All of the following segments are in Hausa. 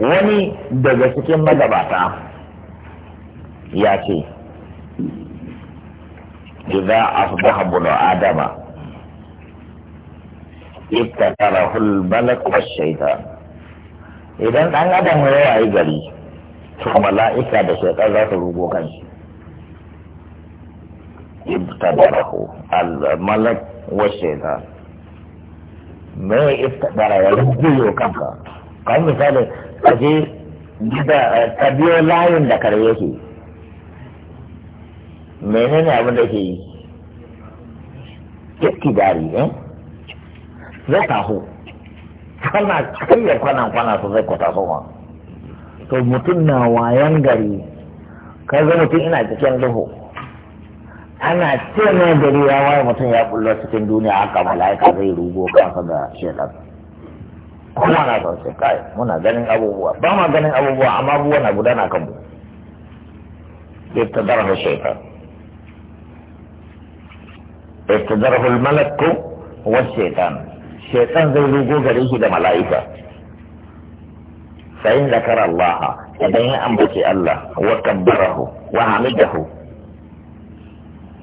wani daga cikin magabata ya ce idza asbaha bunu adama ibtakarahu al-malak wa shaitan idan dan adam ya yi gari to mala'ika da shaitan za su rugo kan shi ibtakarahu al-malak wa shaitan me ibtakara ya rugo kanka kan misali. ka je eh, ka biyo layin da kare yake menene abin da ke yi dari ne. Eh? zai taho kana kayyar kwanan kwana su zai kwata soma to mutum na wayan gari ka ga mutum ina cikin duhu ana ce na gari ya waye mutum ya bullo cikin duniya haka mala'ika zai rugo kansa da shekaru kuma na san sai kai muna ganin abubuwa ba ma ganin abubuwa amma abubuwa na gudana kan mu ittadarhu shaytan ittadarhu al-malak wa shaitan shaitan zai rugo gare shi da mala'ika sayin in zakara Allah idan ya ambace Allah wa kabbarahu wa hamidahu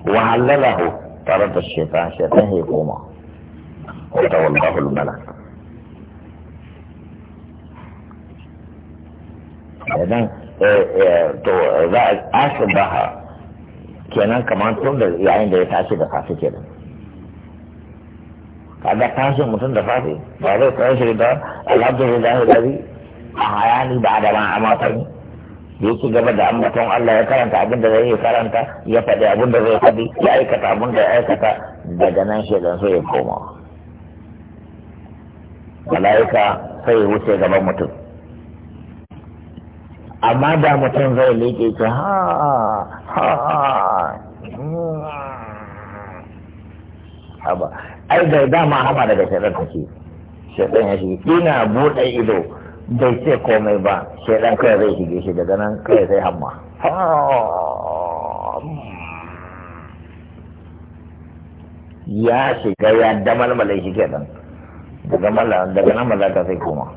wa halalahu tare da shaitan shaytan ya koma wa tawallahu al-malak idan eh, eh, to za a kenan kamar tun da yayin da ya tashi da safe kenan kaga tashin mutum da safe ba zai shi da alhamdulillah gari a hayani ba a a a matan da yake gaba da ambaton Allah ya karanta abin da zai karanta ya faɗi abin da zai faɗi ya aikata abin da ya aikata daga nan shaidan so ya koma malaika sai ya wuce gaban mutum amma da mutum zai leke ce ha ha ha. ai da dama hama daga shaɗan take shaɗan ya shi ina buɗe ido bai ce komai ba shaɗan kai zai shige shi daga nan kai zai hamma ya shiga ya malai shi kenan daga nan malaka sai koma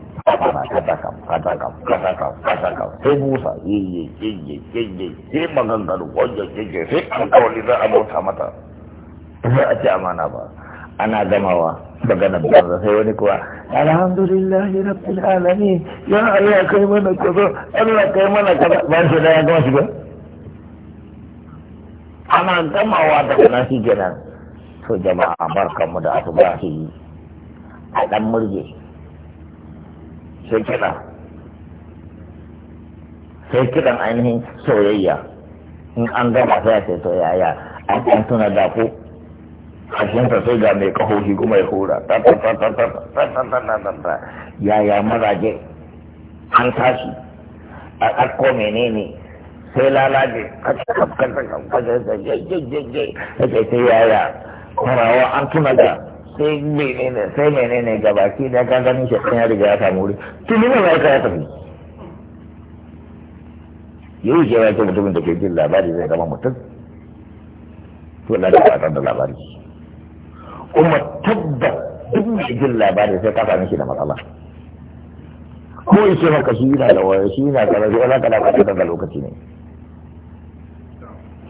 kam kam kam kam sai yayye yayye yayye sai maganganu wajen oh, yayye sai alkawali za a bauta mata za a amana ba ana gamawa magana banza sai wani kuwa alhamdulillahi rabbil alamin ya Allah kai mana kaza Allah kai mana kaza ba shi da ya gama shi ba ana gamawa da kana shi kenan to jama'a da asubahi a dan murje sai kiɗa sai kiɗan ainihin soyayya in an gaba sai sai soyayya an kan tuna da ku ta sai ga mai kahohi kuma ya hura yaya mazaje an tashi a ɗakko menene sai lalaje kace kace kace sai menene sai menene gabaki da ka gani shi ya riga ya samu wuri tuni ne ya ya tafi yau je ya ce mutumin da ke jin labari zai gama mutum to na da fatan da labari kuma tabbas duk mai jin labari sai ka same shi da matsala ko ce maka shi yana da wani shi yana da waya wani yana da waya da lokaci ne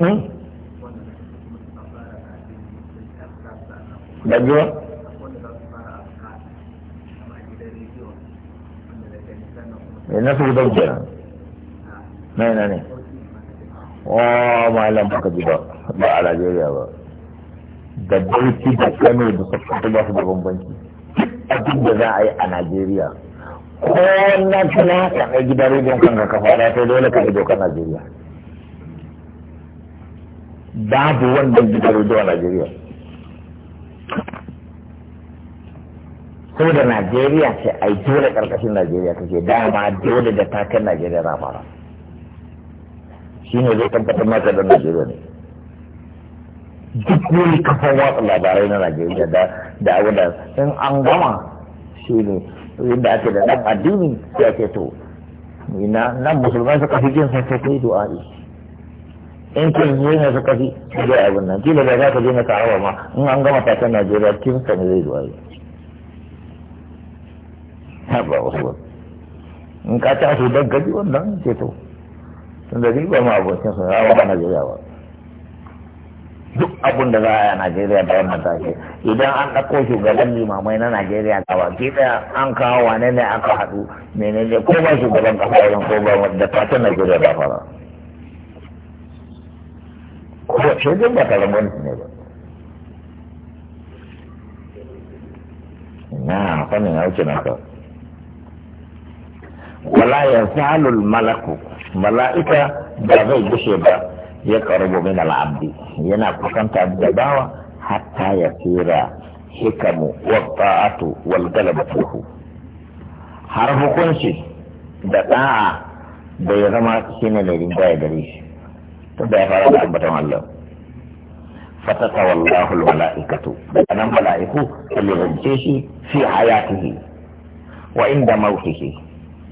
hmm? ban ji ba na su gidan kenan na yana ne wa malam baka ji ba ba a Najeriya ba da Bauchi da Kano da Sokoto ba su da bambanci duk da za a yi a Najeriya ko na tana ka na gidan rediyon kan ka kafa da ta dole ka yi dokar Najeriya babu wannan gidan rediyon a Najeriya ko da najeriya ce ai dole karkashin najeriya kake dama dole da takan najeriya na fara shi ne zai tabbatar maka da najeriya ne duk wani kafin watsa labarai na najeriya da da abu da in an gama shi ne inda ake da dan addini sai ake to ina nan musulman suka fi jin sun sai du'a'i in kin yi ne suka fi zai abin nan kila da za ka je na karawa ma in an gama takan najeriya kin sani zai zuwa yi na ba wasu in ka ta su dan gaji wannan ce to ma abokin su rawa ba duk abun da za a yi a Najeriya da wannan idan an ɗauko shugaban limamai na Najeriya ga baki ɗaya an kawo wane ne aka haɗu menene ko ba shugaban ko ba da fatan Najeriya ba fara ko shi dai ba ne ya ولا يزال الملك ملائكة بغي بشبا يقرب من العبد ينا كان تعبد باوا حتى يصير حكم والطاعة والقلب فيه حرف كنسي دا طاعة سنة لرين دريش تبا يفعل الله فتتوى الله الملائكة لأن الملائكة اللي في حياته وعند موته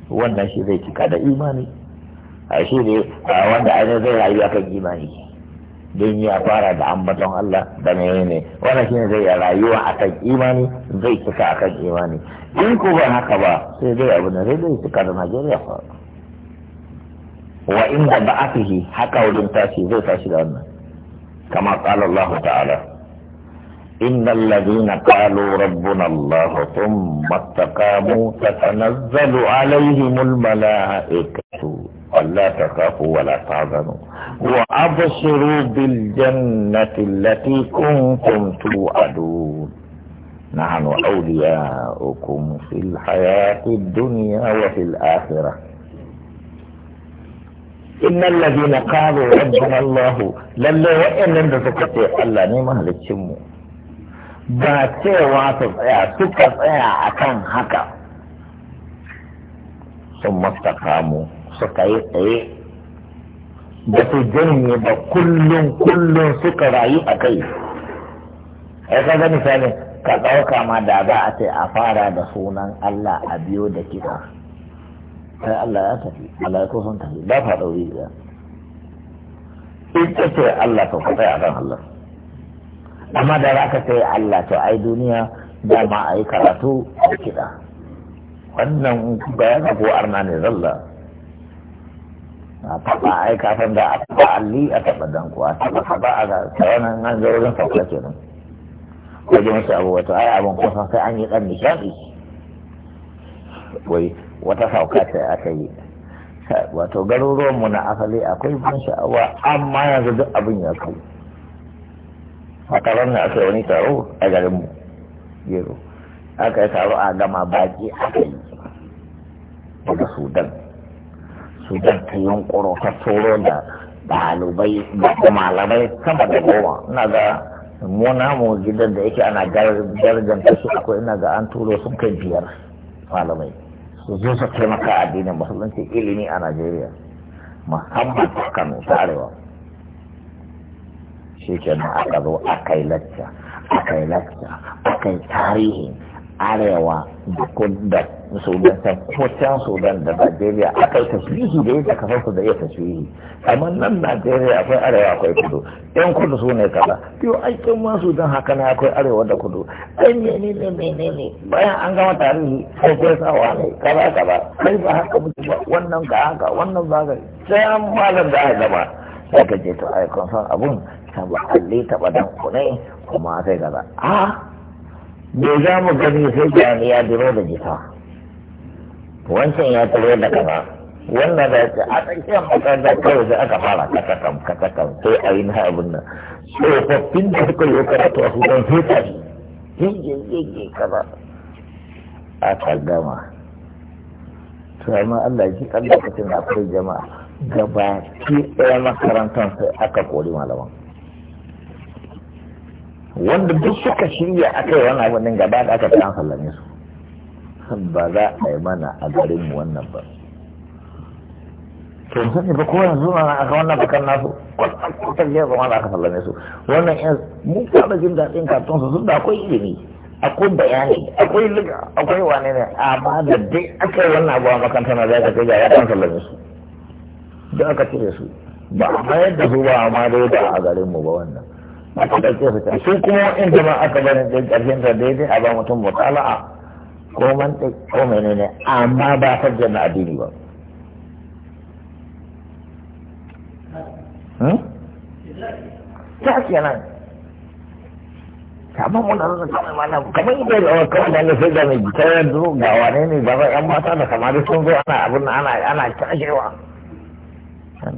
wannan shi zai cika da imani a shi ne wanda ainihin zai rayu akan imani don ya fara da ambaton Allah da ne wannan shi ne zai yi rayuwa akan imani zai cika akan imani in ko ba haka ba sai dai abu da zai cika da Najeriya fa wa inda ba'atihi haka wajen tashi zai tashi da wannan kama qala Allah ta'ala إن الذين قالوا ربنا الله ثم اتقاموا تتنزل عليهم الملائكة ألا تخافوا ولا تحزنوا وأبصروا بالجنة التي كنتم توعدون نحن أولياؤكم في الحياة الدنيا وفي الآخرة إن الذين قالوا ربنا الله لله وإن لم تكتئ ألا نمهلك شمو ba cewa su tsaya suka tsaya a kan haka sun mastakamu suka yi tsaye ba su janye ba kullum kullum suka rayu a kai ya kaga misali ka ɗauka ma da za a ce a fara da sunan Allah a biyo da kisa sai Allah ya tafi malaiku sun tafi ba fa ɗauri ita ce Allah ka kwata a kan Allah amma da za ka sai Allah to ai duniya da ma a yi karatu da kiɗa wannan bayan ko arna ne zalla a taɓa yi kafin da a taɓa alli a taɓa danko a taɓa taɓa a tsawonan nan zarorin fakula kenan wajen wasu abu wato ai abin kusan sai an yi ɗan nishaɗi wai wata sauka ce aka yi wato garuruwanmu na asali akwai ban sha'awa amma yanzu duk abin ya kai a na wani taro a garin mu gero aka yi taro a gama baki aka yi daga sudan sudan ta yunkuro ta tsoro da dalibai da malamai sama da goma ina ga mu gidan da yake ana garganta su akwai ina ga an turo sun kai biyar malamai su zo su taimaka addinin musulunci ilimi a najeriya musamman kano ta arewa shi kenan aka zo aka yi lacca aka yi lacca aka yi tarihi arewa da kudda sudan ta kucan sudan da najeriya aka yi taswihi da yadda kasar su da iya taswihi amma nan najeriya akwai arewa akwai kudu yan kudu su ne kaza yau aikin ma sudan haka na akwai arewa da kudu ai ne ne bayan an gama tarihi sai kai sawa ne kaza kaza kai ba haka mutu ba wannan ka haka wannan ba sai an malam da aka gama sai ka je to ai kun san abun taba alli taba dan kune kuma sai gaza a me za mu gani sai gani ya duro da jita wancan ya turo da kaza wannan da ce a tsakiyar makaranta kawai sai aka fara kakakam kakakam sai a yi na abin nan tsofaffin da suka yi karatu a sudan sai tashi yake yake kaza a gama to amma Allah shi kan lokacin na kai jama'a gaba ki ɗaya makarantar sai aka kori malaman wanda duk suka shirya a yi wani abin gaba da aka kan sallame su ba za a yi mana a garin mu wannan ba to sun ba kowa yanzu na aka wannan bakan nasu kwatan yanzu wani aka sallame su wannan yan mun fara jin daɗin karton su sun da akwai ilimi akwai bayani akwai liga akwai wane ne amma da dai aka yi wannan abuwa makanta na zai ka kai ga ya kan sallame su da aka cire su ba a mayar da su ba amma dai ba a garin mu ba wannan a kada ko fita shi kuma in ma aka bari da karshen da daidai a ba mutum mutala'a ta ko menene amma ba ta addini ba hmm? kamar mun kamar kamar da kawai da ne da mai tayar duro ga wane ne ba yan mata da kamar sun zo ana ana ana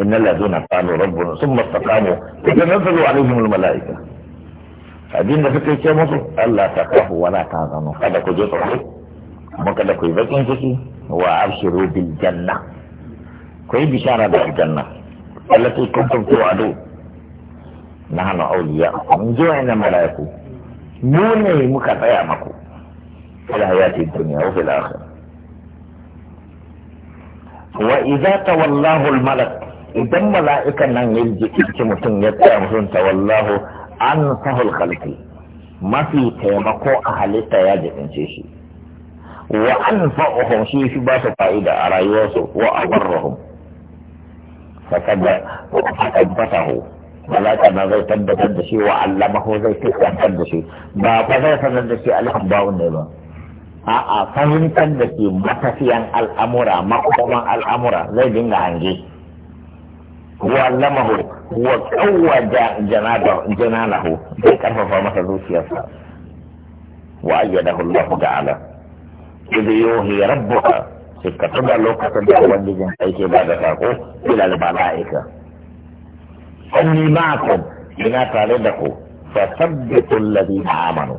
إن الذين قالوا ربنا ثم استقاموا فتنزلوا عليهم الملائكة أدينا فكرة يا مصر ألا تخافوا ولا تعظموا هذا كجوت رحيم مكا دا كوي بكين جسي وعبشروا بالجنة كوي بشارة دا الجنة التي كنتم توعدوا نحن أولياء من جوعنا ملائكة نوني مكا مكو في الحياة الدنيا وفي الآخرة وإذا تولاه الملك idan mala'ikan nan ya jiki mutum ya tsaya mutum ta wallahu an sahul khalqi mafi taimako a halitta ya jibince shi wa an fa'uhum shi shi ba su fa'ida a rayuwarsu wa a barrahum fatabbatahu mala’ikan na zai tabbatar da shi wa allamahu zai tabbatar da shi ba fa zai sanar da shi alhambawun ne ba a'a fahimtar da shi matafiyan al'amura makoman al'amura zai dinga hange وعلمه وقوى جنانه بكرف فما ذوسيسا وأيده الله تعالى إذ يوهي ربك سكتنا لو كتبنا وانجزن أيكي بعد فاقو إلى الملائكة أني معكم إنا تاردكم فثبتوا الذين آمنوا